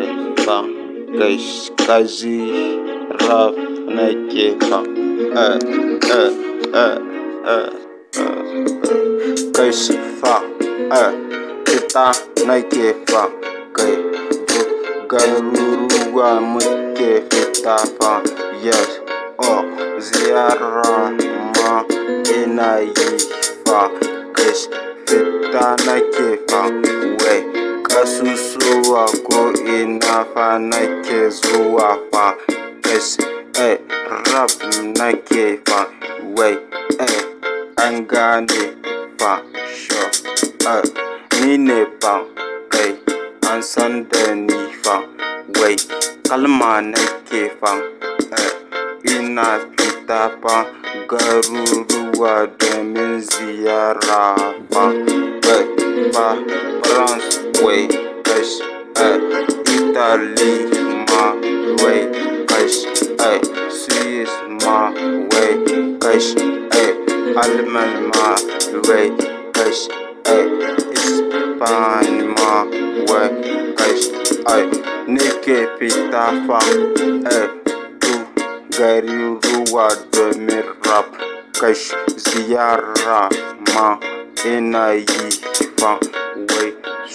Нечка, кази, рав, нечка, э, э, э, э, кайсифа, э, кита, некефа, кай, гаруруа, мекефитафа, yes, о, зиара, ма, инаифа, кайс, фита, некефа, уэй. susuwa ko ina fa nake zuwa fa yes eh rap nake fa wai eh an gane fa sure eh ni ne fa kai an san da ni fa wai kalma nake fa eh ina fita fa garuruwa domin ziyara fa wai France way, cash, eh. ay, Italy, my way, cash, eh. ay, Swiss, my way, cash, eh. ay, Allemand, my way, cash, ay, Spain, my way, cash, ay, Nike, Pita, fam, ay, tu, gari, ruwa, de mi rap, cash, ziyara, ma, ina yi, fam, way,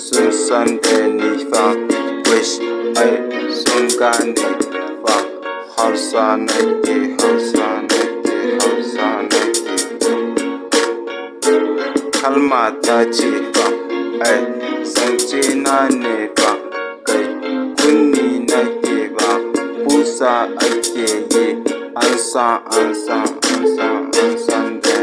xuân san đề ni phang wish ai xuân ga ni phang hao sa nay ti hao sa nay ti hao sa nay ti kalma ta chi phang ai sang chi na ni phang kai kun ni nay ti phang pu sa ai ti ye an sa an sa an sa an san đề